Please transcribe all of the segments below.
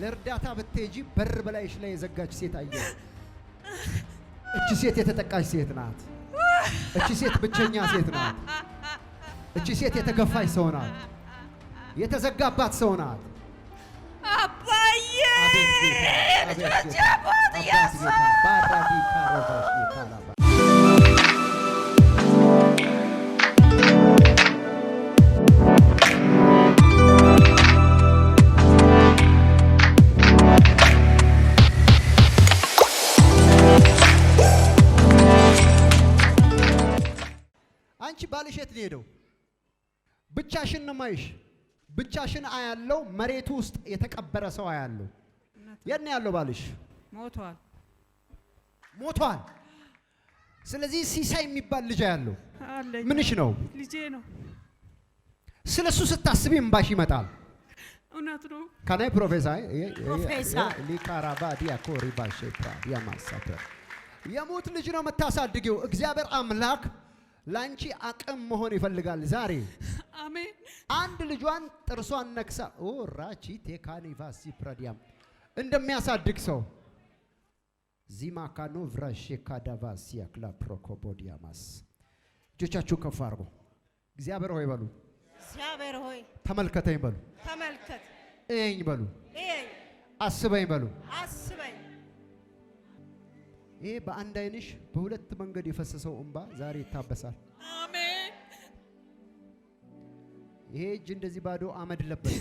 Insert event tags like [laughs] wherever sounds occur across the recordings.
ለእርዳታ ብትሄጂ በር በላይሽ ላይ የዘጋች ሴት አየ። እቺ ሴት የተጠቃች ሴት ናት። እቺ ሴት ብቸኛ ሴት ናት። እቺ ሴት የተገፋች ሰው ናት። የተዘጋባት ሰው ናት። አባዬ ልጆች ሊሄደው ብቻሽን ነው ማይሽ ብቻሽን አያለው። መሬቱ ውስጥ የተቀበረ ሰው አያለው። የት ነው ያለው? ባልሽ ሞቷል፣ ሞቷል። ስለዚህ ሲሳይ የሚባል ልጅ አያለው። ምንሽ ነው? ልጄ ነው። ስለ እሱ ስታስቢ እምባሽ ይመጣል። እውነት ነው። ከናይ ፕሮፌሰር ሊካራባዲያ ኮሪባሼታ ያማሳተ የሞት ልጅ ነው የምታሳድጊው። እግዚአብሔር አምላክ ላንቺ አቅም መሆን ይፈልጋል ዛሬ። [laughs] አሜን። አንድ ልጇን ጥርሷን ነክሳ ኦራቺ ቴካኒቫሲ ፕራዲያም እንደሚያሳድግ ሰው ካኖ ቭራሼ ካዳቫሲያ ክላ ፕሮኮቦዲያማስ እጆቻችሁ ከፍ አድርጎ እግዚአብሔር ሆይ በሉ። እግዚአብሔር ሆይ ተመልከተኝ በሉ። ተመልከት እኝ በሉ። አስበኝ በሉ። ይሄ በአንድ አይንሽ በሁለት መንገድ የፈሰሰው እንባ ዛሬ ይታበሳል። አሜን። ይሄ እጅ እንደዚህ ባዶ አመድ ለበሰ፣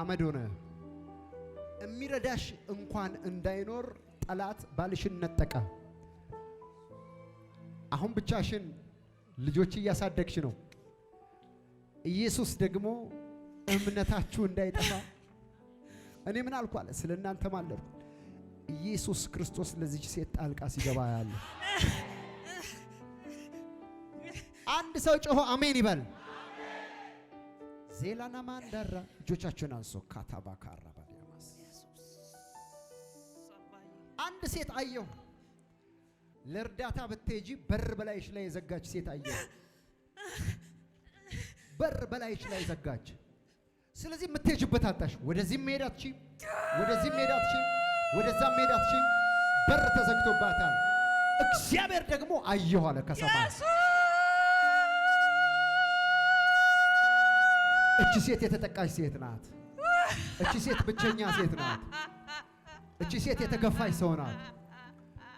አመድ ሆነ። የሚረዳሽ እንኳን እንዳይኖር ጠላት ባልሽን ነጠቀ። አሁን ብቻሽን ልጆች እያሳደግሽ ነው። ኢየሱስ ደግሞ እምነታችሁ እንዳይጠፋ እኔ ምን አልኳለ? ስለ እናንተ ማለድኩ ኢየሱስ ክርስቶስ ለዚች ሴት ጣልቃ ሲገባ ያለ አንድ ሰው ጮሆ አሜን ይበል። ዜላና ማንዳራ እጆቻችሁን አንሶ ካታባ ካራባ አንድ ሴት አየሁ። ለእርዳታ ብትሄጂ በር በላይሽ ላይ የዘጋች ሴት አየሁ። በር በላይሽ ላይ ዘጋች። ስለዚህ የምትሄጂበት አጣሽ። ወደዚህ መሄድ አትችይም፣ ወደዚህ መሄድ አትችይም። ወደዛ መሄድ ሺ በር ተዘግቶባታል። እግዚአብሔር ደግሞ አየሁ አለ ከሰማይ እቺ ሴት የተጠቃች ሴት ናት። እቺ ሴት ብቸኛ ሴት ናት። እቺ ሴት የተገፋች ሰው ናት።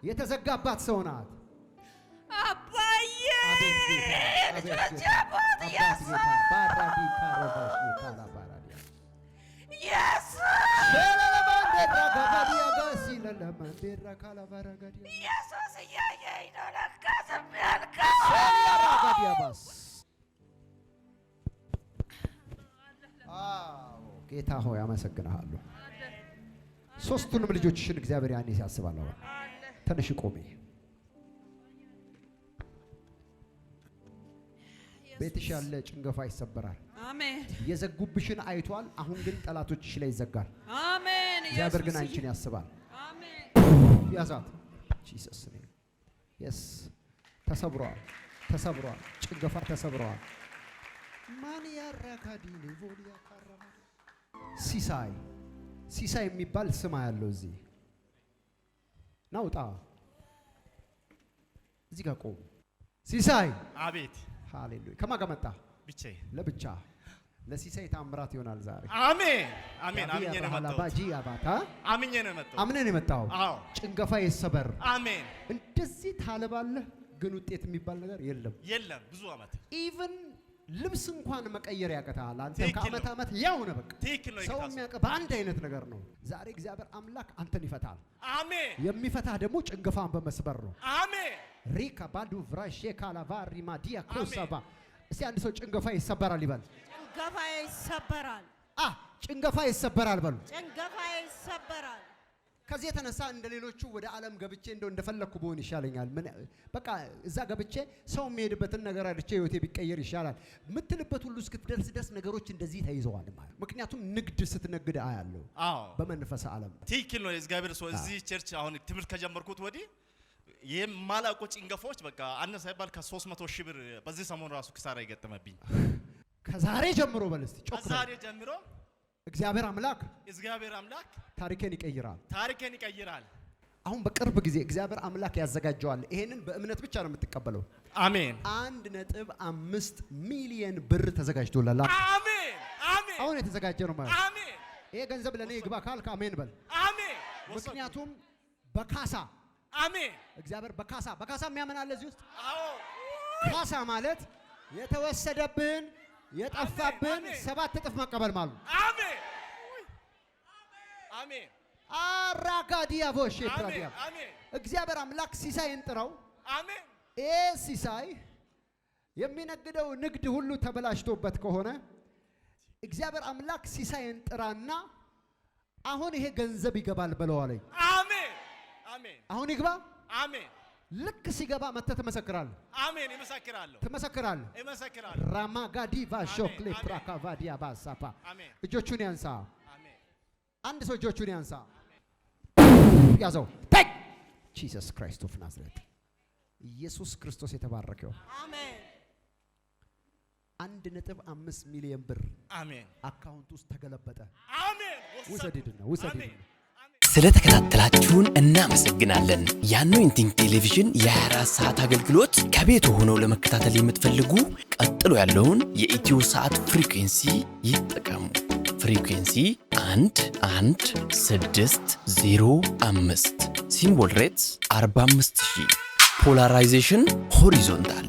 የተዘጋባት ሰው ናት። አባዬ ልጆች ኢየሱስ እያየኝ ነው ለካ ዝም ያልከው ጌታ ሆይ አመሰግንሃለሁ። ሶስቱንም ልጆችሽን እግዚአብሔር ያኔ ሲያስባለሁ ተነሽ ቆሜ ቤትሽ ያለ ጭንገፋ ይሰበራል። የዘጉብሽን አይቷል። አሁን ግን ጠላቶችሽ ላይ ይዘጋል። እግዚአብሔር ግን አንቺን ያስባል። ያዛት ጂሰስ የስ ተሰብሯል፣ ተሰብሯል፣ ጭገፋ ተሰብሯል። ማን ያራካዲኒ ቦሊያ ካራማ ሲሳይ ሲሳይ የሚባል ስማ ያለው እዚህ ናውጣ እዚህ ጋር ሲሳይ አቤት። ሃሌሉያ ከማን ጋር መጣ? ብቻ ለብቻ ለሲሳይ ታምራት ይሆናል ዛሬ። አሜን አሜን። አምኜ ነው መጣው። ባጂ አባታ አምኜ ነው መጣው። አምኜ ነው መጣው። አዎ ጭንገፋ ይሰበር። አሜን። እንደዚህ ታለባለህ፣ ግን ውጤት የሚባል ነገር የለም የለም። ብዙ አመት ኢቭን ልብስ እንኳን መቀየር ያቀታል። አንተ ከአመት አመት ያው ነው። በቃ ነው። ሰው የሚያውቅህ በአንድ አይነት ነገር ነው። ዛሬ እግዚአብሔር አምላክ አንተን ይፈታል። አሜን። የሚፈታህ ደግሞ ጭንገፋን በመስበር ነው። አሜን። ሪካ ባዱ ቭራሼ ካላቫሪ ማዲያ ኮሳባ። እስቲ አንድ ሰው ጭንገፋ ይሰበራል ይበል። ጭንገፋዬ ይሰበራል። አህ ጭንገፋ ይሰበራል በሉ። ጭንገፋዬ ይሰበራል። ከዚህ የተነሳ እንደ ሌሎቹ ወደ ዓለም ገብቼ እንደው እንደፈለግኩ ብሆን ይሻለኛል፣ በቃ እዛ ገብቼ ሰው የሚሄድበትን ነገር አድቼ ህይወቴ ቢቀየር ይሻላል የምትልበት ሁሉ እስክትደርስ ድረስ ነገሮች እንደዚህ ተይዘዋል ማለት። ምክንያቱም ንግድ ስትነግድ አያለሁ። አዎ በመንፈስ ዓለም ትክክል ነው። የእግዚአብሔር ሰው እዚህ ቸርች አሁን ትምህርት ከጀመርኩት ወዲህ የማላውቀው ጭንገፋዎች በቃ አነሳ ይባል ከ300 ሺህ ብር በዚህ ሰሞን ራሱ ክሳራ ይገጠመብኝ ከዛሬ ጀምሮ በል እስቲ ጮክ። ከዛሬ ጀምሮ እግዚአብሔር አምላክ እግዚአብሔር አምላክ ታሪኬን ይቀይራል፣ ታሪኬን ይቀይራል። አሁን በቅርብ ጊዜ እግዚአብሔር አምላክ ያዘጋጀዋል። ይሄንን በእምነት ብቻ ነው የምትቀበለው። አሜን። አንድ ነጥብ አምስት ሚሊየን ብር ተዘጋጅቶላል። አሜን፣ አሜን። አሁን የተዘጋጀ ነው ማለት አሜን። ይሄ ገንዘብ ለኔ ይግባ ካልክ አሜን በል። አሜን። ምክንያቱም በካሳ አሜን። እግዚአብሔር በካሳ በካሳ የሚያምን አለ እዚህ ውስጥ። አዎ ካሳ ማለት የተወሰደብን የጠፋብን ሰባት እጥፍ መቀበል ማሉ አሜን አሜን። አራጋዲያ ቮሽ ይጥራዲያ እግዚአብሔር አምላክ ሲሳይን ጥራው። አሜን። ኤ ሲሳይ የሚነግደው ንግድ ሁሉ ተበላሽቶበት ከሆነ እግዚአብሔር አምላክ ሲሳይን ጥራና አሁን ይሄ ገንዘብ ይገባል ብለው አሜን አሜን። አሁን ይግባ። አሜን ልክ ሲገባ መጥተህ ትመሰክራለህ። አሜን። ይመሰክራለሁ፣ ትመሰክራለህ፣ ይመሰክራለሁ። ራማጋዲ ቫሾክሌ ፕራካቫዲያ ባሳፓ። እጆቹን ያንሳ። አንድ ሰው እጆቹን ያንሳ። ያዘው። ቴክ ጂሰስ ክራይስት ኦፍ ናዝሬት። ኢየሱስ ክርስቶስ የተባረከው። አሜን። አንድ ነጥብ አምስት ሚሊዮን ብር አሜን፣ አካውንት ውስጥ ተገለበጠ። አሜን። ውሰድ ሂድና ስለተከታተላችሁን እናመሰግናለን። የአኖይንቲንግ ቴሌቪዥን የ24 ሰዓት አገልግሎት ከቤቱ ሆነው ለመከታተል የምትፈልጉ ቀጥሎ ያለውን የኢትዮ ሰዓት ፍሪኩንሲ ይጠቀሙ። ፍሪኩንሲ 1 ሲምቦል ሬትስ 45000 ፖላራይዜሽን ሆሪዞንታል